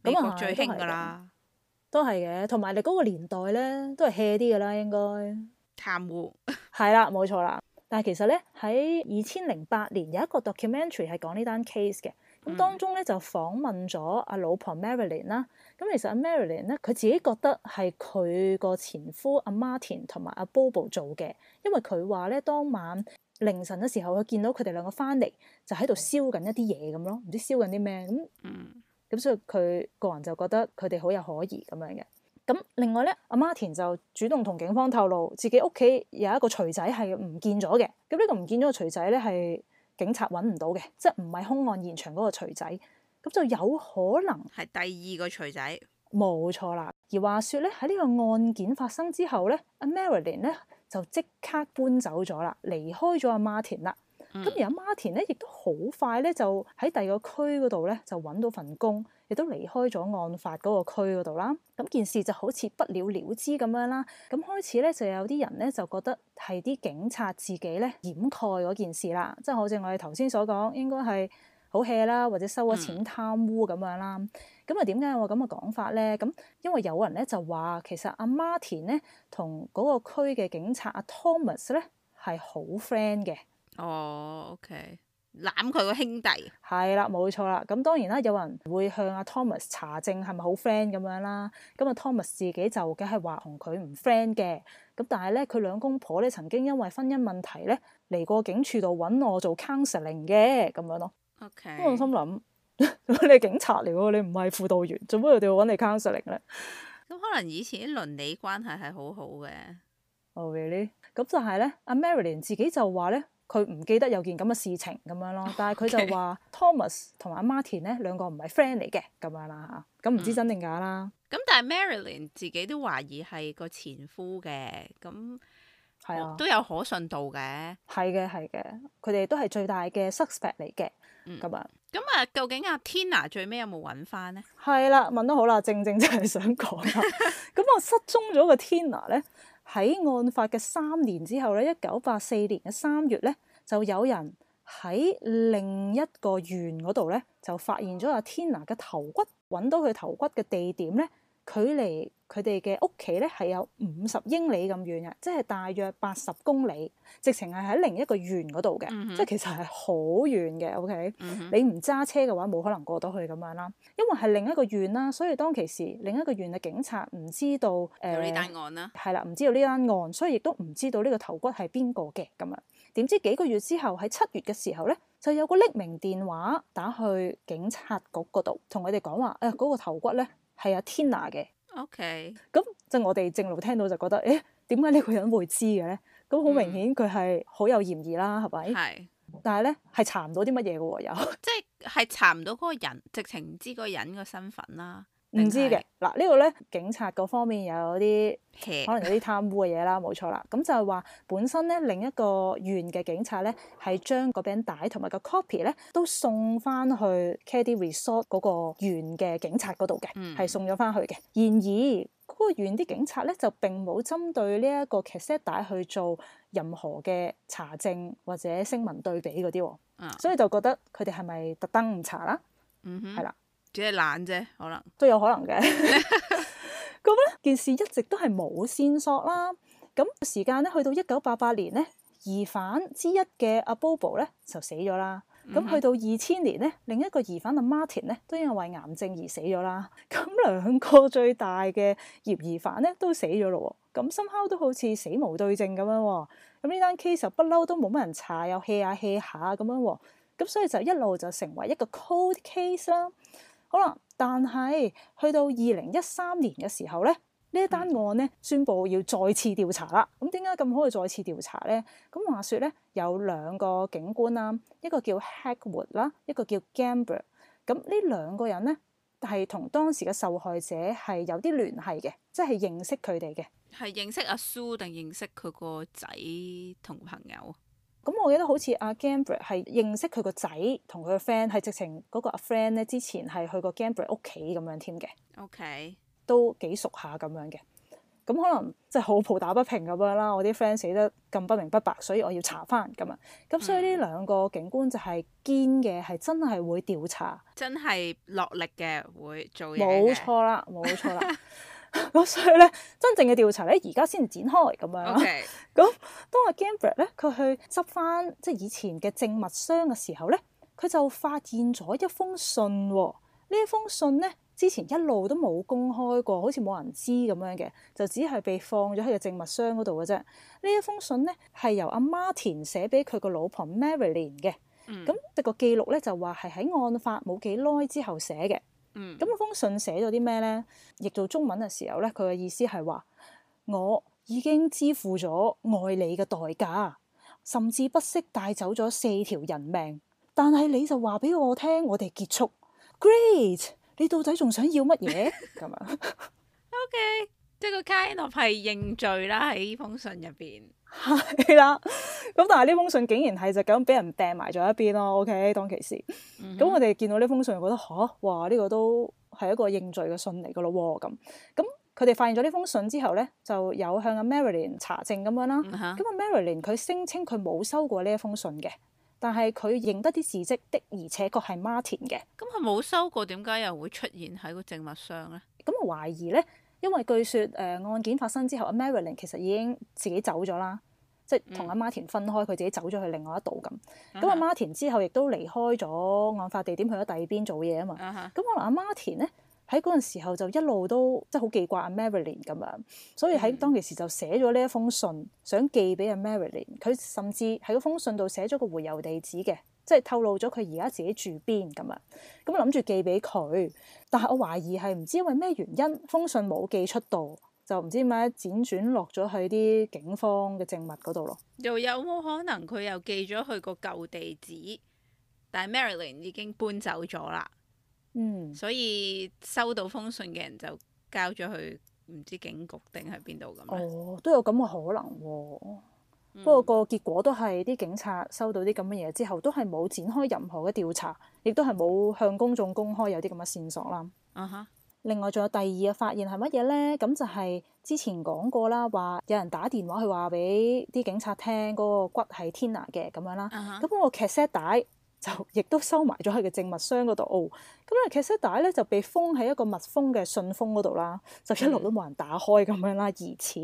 美國最興噶啦，都係嘅，同埋你嗰個年代咧都係 hea 啲噶啦，應該含糊。係啦潘湖，冇錯啦。但係其實咧喺二千零八年有一個 documentary 係講呢單 case 嘅。咁當中咧就訪問咗阿老婆 Marilyn 啦，咁其實阿 Marilyn 咧佢自己覺得係佢個前夫阿 Martin 同埋阿 Bobo 做嘅，因為佢話咧當晚凌晨嘅時候，佢見到佢哋兩個翻嚟就喺度燒緊一啲嘢咁咯，唔知燒緊啲咩咁，咁所以佢個人就覺得佢哋好有可疑咁樣嘅。咁另外咧，阿 Martin 就主動同警方透露自己屋企有一個錘仔係唔見咗嘅，咁、這、呢個唔見咗個錘仔咧係。警察揾唔到嘅，即係唔係凶案現場嗰個錘仔，咁就有可能係第二個錘仔，冇錯啦。而話說咧，喺呢個案件發生之後咧，阿 Marilyn 咧就即刻搬走咗啦，離開咗阿 Martin 啦。咁而阿 Martin 咧，亦都好快咧，就喺第二個區嗰度咧，就揾到份工，亦都離開咗案發嗰個區嗰度啦。咁件事就好似不了了之咁樣啦。咁開始咧，就有啲人咧就覺得係啲警察自己咧掩蓋嗰件事啦。即係好似我哋頭先所講，應該係好 hea 啦，或者收咗錢貪污咁樣啦。咁啊點解我咁嘅講法咧？咁因為有人咧就話其實阿 Martin 咧同嗰個區嘅警察阿 Thomas 咧係好 friend 嘅。哦、oh，OK，攬佢個兄弟係啦，冇錯啦。咁當然啦，有人會向阿 Thomas 查證係咪好 friend 咁樣啦。咁阿 Thomas 自己就梗係話同佢唔 friend 嘅。咁但係咧，佢兩公婆咧曾經因為婚姻問題咧嚟過警署度揾我做 counseling 嘅咁樣咯。OK，咁我心諗 你係警察嚟噶，你唔係輔導員，做乜嘢要揾你 counseling 咧？咁可能以前倫理關係係好好嘅。Oh really? 咁就係咧，阿 Marilyn 自己就話咧。佢唔記得有件咁嘅事情咁樣咯，但係佢就話 Okay. Thomas 同阿 Martin 咧兩個唔係 friend 嚟嘅咁樣啦嚇，咁唔知真定假啦。咁、嗯、但係 Marilyn 自己都懷疑係個前夫嘅，咁係啊都有可信度嘅，係嘅係嘅，佢哋都係最大嘅 suspect 嚟嘅咁啊。咁、嗯、啊，究竟阿 Tina 最尾有冇揾翻咧？係啦，問得好啦，正正就係想講咁 我失蹤咗個 Tina 咧。喺案發嘅三年之後咧，一九八四年嘅三月咧，就有人喺另一個縣嗰度咧，就發現咗阿 Tina 嘅頭骨，揾到佢頭骨嘅地點咧。距離佢哋嘅屋企咧係有五十英里咁遠嘅，即係大約八十公里，直情係喺另一個縣嗰度嘅，嗯、哼即係其實係好遠嘅。O、okay? K，、嗯、哼你唔揸車嘅話，冇可能過到去咁樣啦。因為係另一個縣啦，所以當其時另一個縣嘅警察唔知道誒，呢單案啦，係啦、啊，唔知道呢單案，所以亦都唔知道呢個頭骨係邊個嘅咁樣。點知幾個月之後喺七月嘅時候咧，就有個匿名電話打去警察局嗰度，同佢哋講話誒嗰個頭骨咧。係啊，Tina 嘅。OK。咁即係我哋正路聽到就覺得，誒點解呢個人會知嘅咧？咁好明顯佢係好有嫌疑啦，係咪？係。但係咧，係查唔到啲乜嘢嘅喎又。有即係係查唔到嗰個人，直情唔知嗰個人嘅身份啦。唔知嘅嗱，呢個咧警察嗰方面有啲 可能有啲貪污嘅嘢啦，冇錯啦。咁就係話本身咧另一個縣嘅警察咧，係將個 b 帶同埋個 copy 咧都送翻去 Keddie Resort 嗰個縣嘅警察嗰度嘅，係、嗯、送咗翻去嘅。然而嗰、那個縣啲警察咧就並冇針對呢一個 cassette 帶去做任何嘅查證或者聲紋對比嗰啲，啊、所以就覺得佢哋係咪特登唔查啦？嗯哼，係啦。只係懶啫，可能都有可能嘅。咁咧，件事一直都係冇線索啦。咁時間咧，去到一九八八年咧，疑犯之一嘅阿 Bobo 咧就死咗啦。咁、嗯、去到二千年咧，另一個疑犯阿 Martin 咧，都因為，為癌症而死咗啦。咁兩個最大嘅嫌疑犯咧都死咗咯。咁 somehow 都好似死無對證咁樣喎。咁呢單 case 就不嬲都冇乜人查，又 hea 下 hea 下咁樣喎、啊。咁所以就一路就成為一個 cold case 啦。好啦，但係去到二零一三年嘅時候咧，呢一單案咧宣佈要再次調查啦。咁點解咁可以再次調查咧？咁話說咧，有兩個警官啦，一個叫 Hackwood 啦，一個叫 Gamber。咁呢兩個人咧係同當時嘅受害者係有啲聯繫嘅，即係認識佢哋嘅。係認識阿蘇定認識佢個仔同朋友？咁我記得好似阿 Gamble 係認識佢個仔，同佢個 friend 係直情嗰個阿 friend，咧之前係去過 Gamble 屋企咁樣添嘅。OK，都幾熟下咁樣嘅。咁可能即係好抱打不平咁樣啦。我啲 friend 死得咁不明不白，所以我要查翻咁啊。咁所以呢兩個警官就係堅嘅，係真係會調查，真係落力嘅，會做嘢。冇錯啦，冇錯啦。 咁所以咧，真正嘅調查咧，而家先展開咁樣。咁 Okay. 當阿 Gambrell 咧，佢去執翻即係以前嘅證物箱嘅時候咧，佢就發現咗一封信，哦。呢一封信咧，之前一路都冇公開過，好似冇人知咁樣嘅，就只係被放咗喺個證物箱嗰度嘅啫。呢一封信咧，係由阿 Martin 寫俾佢個老婆 Marylin 嘅。咁、mm. 個記錄咧就話係喺案發冇幾耐之後寫嘅。咁、嗯、封信寫咗啲咩咧？譯做中文嘅時候咧，佢嘅意思係話，我已經支付咗愛你嘅代價，甚至不惜帶走咗四條人命，但係你就話俾我聽，我哋結束。Great，你到底仲想要乜嘢？咁樣 ？OK，即係個 kind of 係認罪啦喺呢封信入邊。係啦，咁 但係呢封信竟然係就咁俾人掟埋咗一邊咯，OK 當其時，咁、mm hmm. 我哋見到呢封信，覺得吓、啊，哇呢個都係一個認罪嘅信嚟噶咯，咁咁佢哋發現咗呢封信之後咧，就有向阿 Marilyn 查證咁樣啦，咁阿 Marilyn 佢聲稱佢冇收過呢一封信嘅，但係佢認得啲字跡的，的，而且確係 Martin 嘅。咁佢冇收過，點解又會出現喺個證物上咧？咁我懷疑咧。因為據說誒、呃、案件發生之後，阿 Marilyn 其實已經自己走咗啦，即係同阿馬田分開，佢、嗯、自己走咗去另外一度咁。咁阿馬田之後亦都離開咗案發地點，去咗第二邊做嘢啊嘛。咁可能阿馬田咧，喺嗰陣時候就一路都即係好記掛阿 Marilyn 咁樣，所以喺當其時就寫咗呢一封信，想寄俾阿 Marilyn。佢甚至喺封信度寫咗個回郵地址嘅，即係透露咗佢而家自己住邊咁樣。咁諗住寄俾佢。但係我懷疑係唔知因為咩原因，封信冇寄出到，就唔知點解輾轉落咗去啲警方嘅證物嗰度咯。又有冇可能佢又寄咗去個舊地址，但係 Marilyn 已經搬走咗啦。嗯，所以收到封信嘅人就交咗去唔知警局定係邊度咁。哦，都有咁嘅可能喎、哦。不過、嗯、個結果都係啲警察收到啲咁嘅嘢之後，都係冇展開任何嘅調查。亦都係冇向公眾公開有啲咁嘅線索啦。啊哈、uh！Huh. 另外仲有第二個發現係乜嘢咧？咁就係之前講過啦，話有人打電話去話俾啲警察聽嗰、嗰個骨係 Tina 嘅咁樣啦。咁嗰、uh huh. 個劇 set 帶。就亦都收埋咗喺個證物箱嗰度，咁咧卡式帶咧就被封喺一個密封嘅信封嗰度啦，就一路都冇人打開咁樣啦，疑似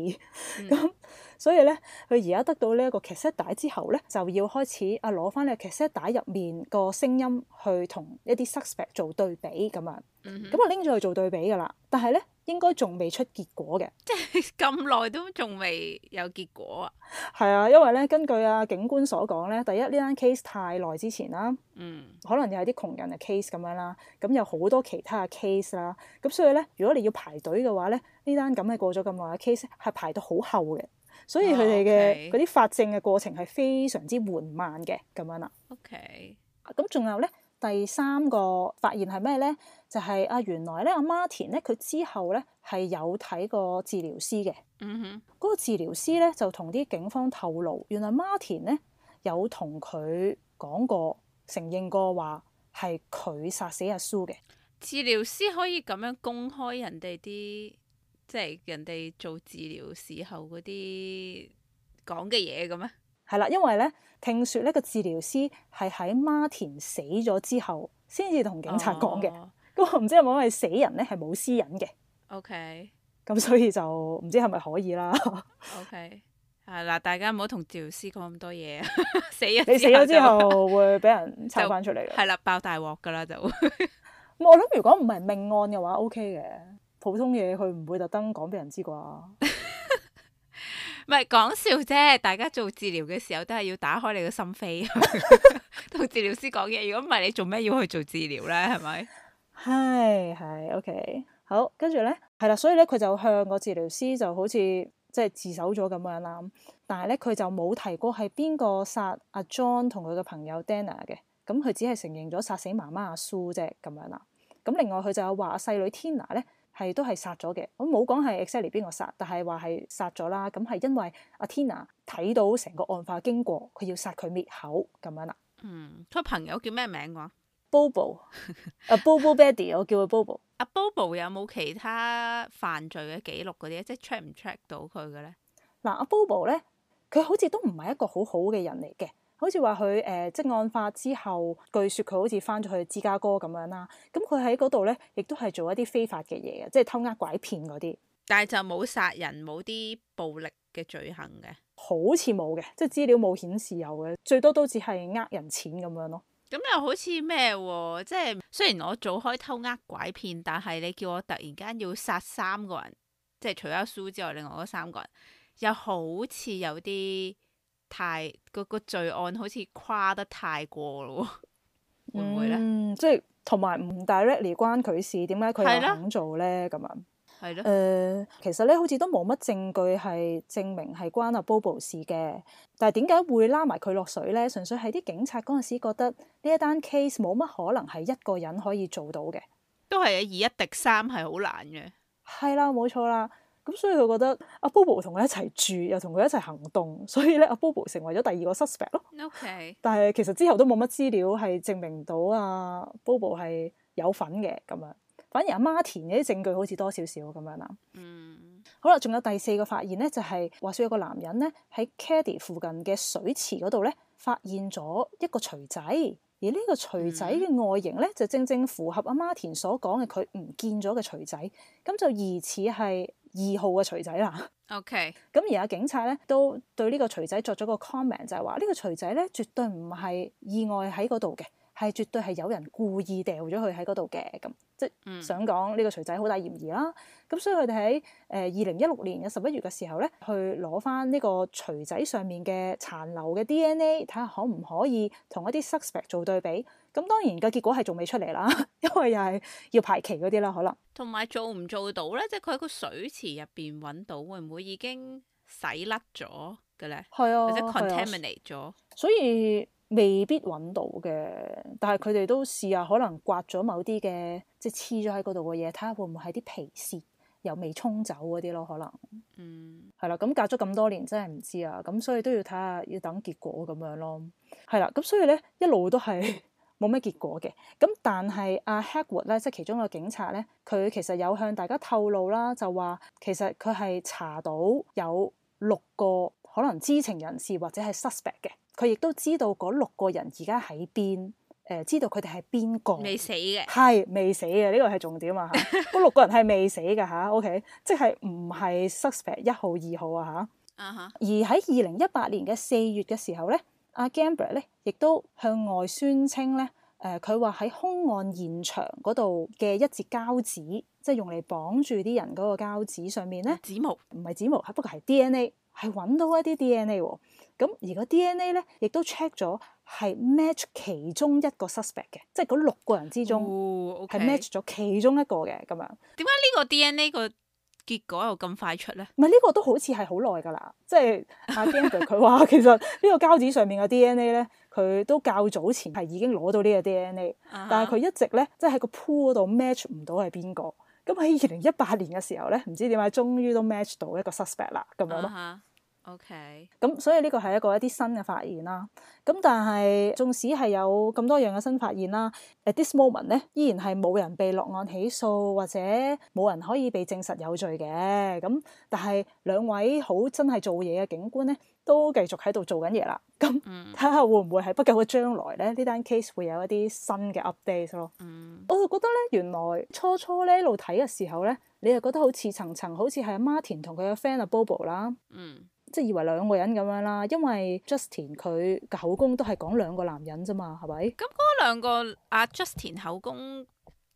咁， 所以咧佢而家得到呢一個卡式帶之後咧，就要開始啊攞翻呢個卡式帶入面個聲音去同一啲 suspect 做對比咁樣，咁啊拎咗去做對比噶啦，但係咧。應該仲未出結果嘅，即係咁耐都仲未有結果啊？係啊，因為咧根據啊警官所講咧，第一呢單 case 太耐之前啦，嗯，可能又係啲窮人嘅 case 咁樣啦，咁有好多其他嘅 case 啦，咁所以咧如果你要排隊嘅話咧，呢單咁係過咗咁耐嘅 case 係排到好後嘅，所以佢哋嘅嗰啲法證嘅過程係非常之緩慢嘅咁樣啦。啊、OK，咁仲有咧？第三個發現係咩咧？就係啊，原來咧阿 Martin 咧佢之後咧係有睇過治療師嘅。嗯哼，嗰個治療師咧就同啲警方透露，原來 Martin 咧有同佢講過，承認過話係佢殺死阿蘇嘅。治療師可以咁樣公開人哋啲，即係人哋做治療時候嗰啲講嘅嘢嘅咩？係啦，因為咧，聽說呢個治療師係喺 Martin 死咗之後，先至同警察講嘅。咁我唔知有冇係死人咧，係冇私隱嘅。OK，咁所以就唔知係咪可以啦。OK，啊嗱，大家唔好同治療師講咁多嘢，死人，你死咗之後會俾人抽翻出嚟嘅。係啦，爆大鑊噶啦就會。咁 嗯、我諗如果唔係命案嘅話，OK 嘅，普通嘢，佢唔會特登講俾人知啩。 唔係講笑啫，大家做治療嘅時候都係要打開你嘅心扉，同 治療師講嘢。如果唔係，你做咩要去做治療咧？係咪？係係，OK。好，跟住咧，係啦，所以咧，佢就向個治療師就好似即係自首咗咁樣啦。但係咧，佢就冇提過係邊個殺阿、啊、John 同佢嘅朋友 Dana 嘅。咁佢只係承認咗殺死媽媽阿 Sue 啫，咁樣啦。咁另外佢就有話細女 Tina 咧。係都係殺咗嘅，我冇講係 exactly 邊個殺，但係話係殺咗啦。咁係因為阿 Tina 睇到成個案發經過，佢要殺佢滅口咁樣啦。嗯，佢朋友叫咩名話？Bobo，阿 Bobo Betty，我叫佢 Bobo。阿 Bobo 有冇其他犯罪嘅記錄嗰啲，即係 check 唔 check 到佢嘅咧？嗱，阿 Bobo 咧，佢好似都唔係一個好好嘅人嚟嘅。好似話佢誒，即案發之後，據說佢好似翻咗去芝加哥咁樣啦。咁佢喺嗰度咧，亦都係做一啲非法嘅嘢，即係偷呃拐騙嗰啲。但係就冇殺人，冇啲暴力嘅罪行嘅。好似冇嘅，即係資料冇顯示有嘅，最多都只係呃人錢咁樣咯。咁又好似咩？即係雖然我早開偷呃拐騙，但係你叫我突然間要殺三個人，即係除咗蘇之外，另外嗰三個人又好似有啲。太嗰個,個罪案好似誇得太過咯，會唔會咧、嗯？即係同埋唔 directly 關佢事，點解佢又肯做咧？咁樣係咯。誒、呃，其實咧，好似都冇乜證據係證明係關阿 Bobo 事嘅。但係點解會拉埋佢落水咧？純粹係啲警察嗰陣時覺得呢一單 case 冇乜可能係一個人可以做到嘅。都係啊，以一敵三係好難嘅。係啦，冇錯啦。咁所以佢覺得阿、啊、Bobo 同佢一齊住，又同佢一齊行動，所以咧、啊、阿 Bobo 成為咗第二個 suspect 咯。OK，但係其實之後都冇乜資料係證明到阿、啊、Bobo 係有份嘅咁樣，反而阿、啊、Martin 嘅啲證據好似多少少咁樣啦。嗯，mm. 好啦，仲有第四個發現咧，就係、是、話說有個男人咧喺 Keddie 附近嘅水池嗰度咧，發現咗一個錘仔。而呢個錘仔嘅外形咧，就正正符合阿 Martin 所講嘅佢唔見咗嘅錘仔，咁就疑似係二號嘅錘仔啦。OK，咁而家警察咧都對呢個錘仔作咗個 comment，就係話、這個、呢個錘仔咧絕對唔係意外喺嗰度嘅。係絕對係有人故意掉咗佢喺嗰度嘅，咁即係、嗯、想講呢、呢個錘仔好大嫌疑啦。咁所以佢哋喺誒二零一六年嘅十一月嘅時候咧，去攞翻呢個錘仔上面嘅殘留嘅 DNA，睇下可唔可以同一啲 suspect 做對比。咁當然嘅、嗰個、結果係仲未出嚟啦， 因為又係要排期嗰啲啦，可能。同埋做唔做到咧？即係佢喺個水池入邊揾到，會唔會已經洗甩咗嘅咧？係啊，或者 contaminate 咗、啊，所以。未必揾到嘅，但係佢哋都試下，可能刮咗某啲嘅，即係黐咗喺嗰度嘅嘢，睇下會唔會係啲皮屑又未沖走嗰啲咯，可能，嗯，係啦，咁隔咗咁多年真係唔知啊，咁所以都要睇下，要等結果咁樣咯，係啦，咁所以咧一路都係冇咩結果嘅，咁但係阿 Hagwood 咧，啊、wood, 即係其中個警察咧，佢其實有向大家透露啦，就話其實佢係查到有六個可能知情人士或者係 suspect 嘅。佢亦都知道嗰六個人而家喺邊，誒、呃、知道佢哋係邊個？未死嘅，係未死嘅，呢、這個係重點啊！嚇、 啊，嗰六個人係未死嘅嚇、啊、，OK，即係唔係 suspect 一號二號啊嚇。啊嚇。Uh huh. 而喺二零一八年嘅四月嘅時候咧，阿、啊、Gambler 咧亦都向外宣稱咧，誒佢話喺兇案現場嗰度嘅一截膠紙，即係用嚟綁住啲人嗰個膠紙上面咧，指模唔係指模，不過係 DNA。係揾到一啲 DNA 喎，咁而個 DNA 咧亦都 check 咗係 match 其中一個 suspect 嘅，即係嗰六個人之中係、哦 okay、match 咗其中一個嘅咁樣。點解呢個 DNA 個結果又咁快出咧？唔係呢個都好似係好耐㗎啦，即係阿 Dinger 佢話其實呢個膠紙上面嘅 DNA 咧，佢都較早前係已經攞到呢個 DNA，uh huh. 但係佢一直咧即係喺個 pool 度 match 唔到係邊個。咁喺二零一八年嘅時候咧，唔知點解終於都 match 到一個 suspect 啦，咁樣咯。Uh huh. OK，咁所以呢個係一個一啲新嘅發現啦。咁但係，縱使係有咁多樣嘅新發現啦，at this moment 咧，依然係冇人被落案起訴，或者冇人可以被證實有罪嘅。咁但係，兩位好真係做嘢嘅警官咧，都繼續喺度做緊嘢啦。咁睇下會唔會係不久嘅將來咧，呢單 case 會有一啲新嘅 updates 咯。Mm. 我就覺得咧，原來初初咧一路睇嘅時候咧，你就覺得好似層層，好似係阿 Martin 同佢嘅 friend 阿、啊、Bobo 啦。嗯。Mm. 即係以為兩個人咁樣啦，因為 Justin 佢口供都係講兩個男人啫嘛，係咪？咁嗰兩個阿、啊、Justin 口供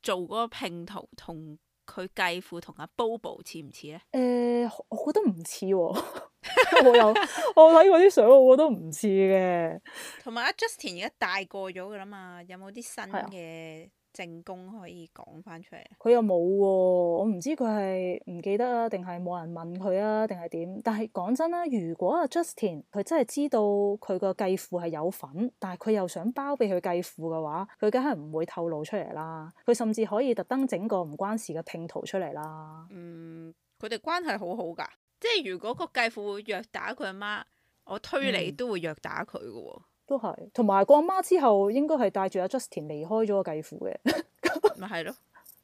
做嗰個拼圖同佢繼父同阿、啊、Bobo 似唔似咧？誒、呃，我覺得唔似。我，似、哦、 我有我睇過啲相，我覺得唔似嘅。同埋阿 Justin 而家大個咗噶啦嘛，有冇啲新嘅？正功可以講翻出嚟，佢又冇喎、啊，我唔知佢係唔記得啊，定係冇人問佢啊，定係點？但係講真啦，如果啊 Justin 佢真係知道佢個繼父係有份，但係佢又想包庇佢繼父嘅話，佢梗係唔會透露出嚟啦。佢甚至可以特登整個唔關事嘅拼圖出嚟啦。嗯，佢哋關係好好噶，即係如果個繼父會虐打佢阿媽，我推理都會虐打佢嘅喎。嗯。都係，同埋個阿媽之後，應該係帶住阿 Justin 離開咗個繼父嘅。咪係咯。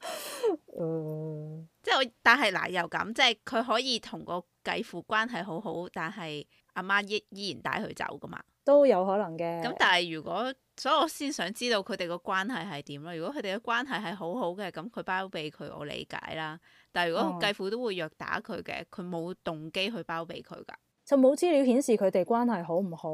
誒、 嗯啊，即係我，但係嗱又咁，即係佢可以同個繼父關係好好，但係阿媽依依然帶佢走噶嘛。都有可能嘅。咁、嗯、但係如果，所以我先想知道佢哋個關係係點咯。如果佢哋嘅關係係好好嘅，咁佢包庇佢，我理解啦。但係如果繼父都會虐打佢嘅，佢冇、嗯、動機去包庇佢噶。就冇資料顯示佢哋關係好唔好。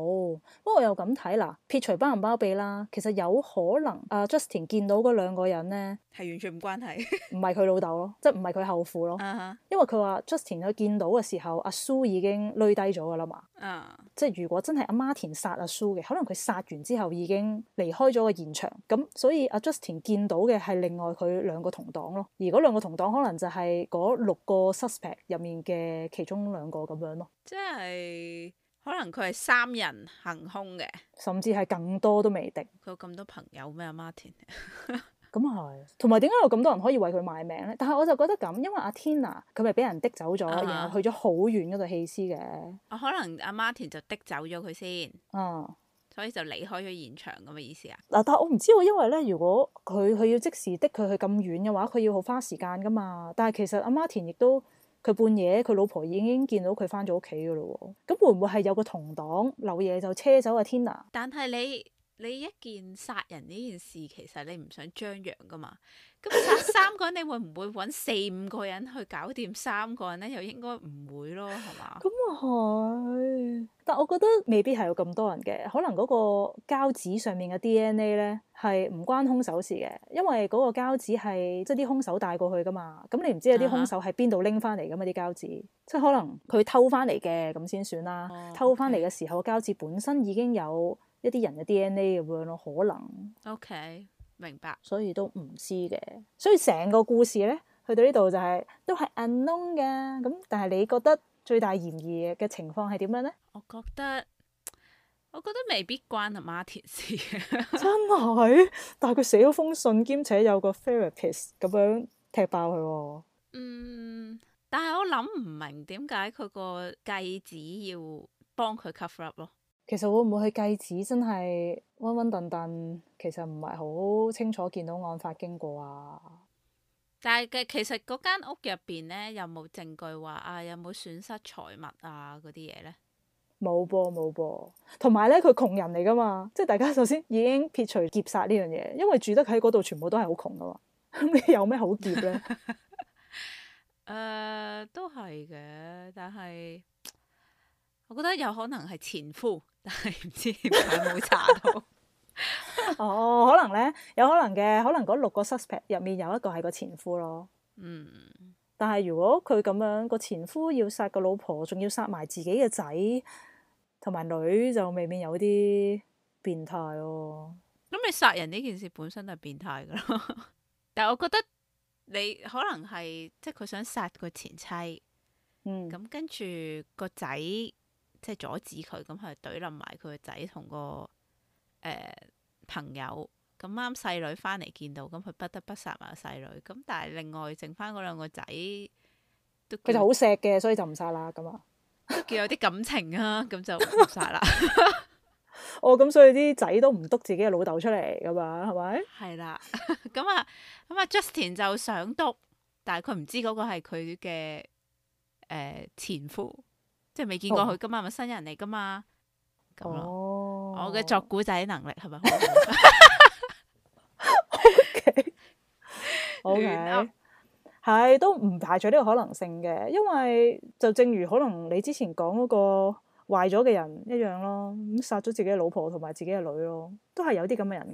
不過又咁睇嗱，撇除包唔包庇啦，其實有可能阿、啊、Justin 見到嗰兩個人咧係完全唔關係，唔係佢老豆咯，即係唔係佢後父咯。Uh huh. 因為佢話 Justin 佢見到嘅時候，阿蘇已經累低咗噶啦嘛。Uh huh. 即係如果真係阿 Martin 殺阿蘇嘅，可能佢殺完之後已經離開咗個現場咁，所以阿、啊、Justin 見到嘅係另外佢兩個同黨咯。而嗰兩個同黨可能就係嗰六個 suspect 入面嘅其中兩個咁樣咯。即係可能佢係三人行凶嘅，甚至係更多都未定。佢有咁多朋友咩？阿 Martin 咁 係，同埋點解有咁多人可以為佢賣命咧？但係我就覺得咁，因為阿 Tina 佢咪俾人滴走咗，uh huh. 然後去咗好遠嗰度棄屍嘅。啊，可能阿 Martin 就滴走咗佢先，嗯，uh. 所以就離開咗現場咁嘅意思啊？嗱，但我唔知喎，因為咧，如果佢佢要即時滴佢去咁遠嘅話，佢要好花時間噶嘛。但係其實阿 Martin 亦都。佢半夜，佢老婆已經見到佢翻咗屋企噶啦喎，咁會唔會係有個同黨漏夜就車走阿、啊、Tina？但係你。你一件殺人呢件事，其實你唔想張揚噶嘛？咁殺三個人，你會唔會揾四五個人去搞掂三個人咧？又應該唔會咯，係嘛？咁啊係，但我覺得未必係有咁多人嘅，可能嗰個膠紙上面嘅 DNA 咧係唔關兇手事嘅，因為嗰個膠紙係即係啲兇手帶過去噶嘛。咁你唔知有啲兇手係邊度拎翻嚟嘅嘛，啲膠紙，uh huh. 即係可能佢偷翻嚟嘅咁先算啦。Uh huh. 偷翻嚟嘅時候，膠紙本身已經有。一啲人嘅 DNA 咁樣咯，可能 OK 明白，所以都唔知嘅。所以成個故事咧，去到呢度就係，都係 unknown 嘅。咁但係你覺得最大嫌疑嘅情況係點樣咧？我覺得我覺得未必關阿馬鐵事， 真係。但係佢寫咗封信，兼且有個 therapist 咁樣踢爆佢喎。嗯，但係我諗唔明點解佢個繼子要幫佢 cover up 咯？其實會唔會去計子真係暈暈沌沌，其實唔係好清楚見到案發經過啊。但係嘅其實嗰間屋入邊咧，有冇證據話啊，有冇損失財物啊嗰啲嘢咧？冇噃，冇噃、啊。同埋咧，佢窮人嚟噶嘛，即係大家首先已經撇除劫殺呢樣嘢，因為住得喺嗰度，全部都係好窮噶嘛。咁 你有咩好劫咧？誒、 呃，都係嘅，但係我覺得有可能係前夫。但係唔知點解冇查到。 哦，可能咧，有可能嘅，可能嗰六個 suspect 入面有一個係個前夫咯。嗯。但係如果佢咁樣個前夫要殺個老婆，仲要殺埋自己嘅仔同埋女，就未免有啲變態咯、啊。咁你殺人呢件事本身就係變態噶咯。 但係我覺得你可能係即係佢想殺個前妻。嗯。咁跟住個仔。即係阻止佢，咁佢懟冧埋佢個仔同個誒朋友。咁啱細女翻嚟見到，咁佢不得不殺埋個細女。咁但係另外剩翻嗰兩個仔佢就好錫嘅，所以就唔殺啦。咁啊，都叫有啲感情啊。咁 就唔殺啦。 哦，咁所以啲仔都唔督自己嘅老豆出嚟㗎嘛？係咪？係啦。咁啊，咁啊是的、 嗯嗯、，Justin 就想督，但係佢唔知嗰個係佢嘅誒前夫。即係未見過佢噶嘛，咪、oh. 新人嚟噶嘛，咁咯。Oh. 我嘅作古仔能力係咪？O 好 K，係都唔排除呢個可能性嘅，因為就正如可能你之前講嗰個壞咗嘅人一樣咯，咁殺咗自己嘅老婆同埋自己嘅女咯，都係有啲咁嘅人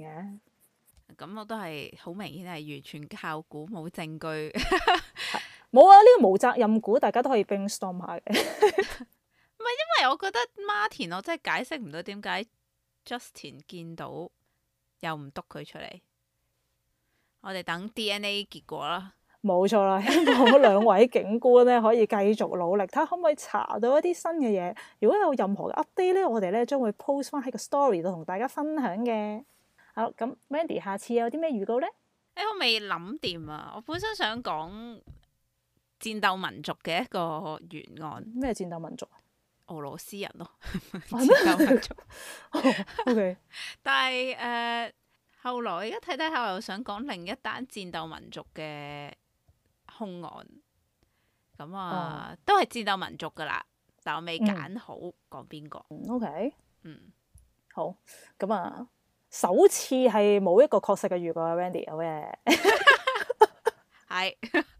嘅。咁我都係好明顯係完全靠估，冇證據。 冇啊！呢、這個無責任估，大家都可以 brainstorm 下嘅。唔係，因為我覺得 Martin，我真係解釋唔到點解 Justin 見到又唔督佢出嚟。我哋等 DNA 結果啦。冇錯啦，希望兩位警官咧 可以繼續努力，睇下可唔可以查到一啲新嘅嘢。如果有任何 update 咧，我哋咧將會 post 翻喺個 story 度同大家分享嘅。好，咁 Mandy，下次有啲咩預告咧？誒、欸，我未諗掂啊！我本身想講。戰鬥民族嘅一個懸案。咩戰鬥民族？俄羅斯人咯、啊。 戰鬥民族。 o Okay , K，okay. 但係誒、呃，後來而家睇睇下，看看我又想講另一單戰鬥民族嘅凶案。咁啊，啊都係戰鬥民族噶啦，但我未揀好講邊個。O K，嗯，好。咁啊，首次係冇一個確實嘅預告。啊，Randy，O K。係。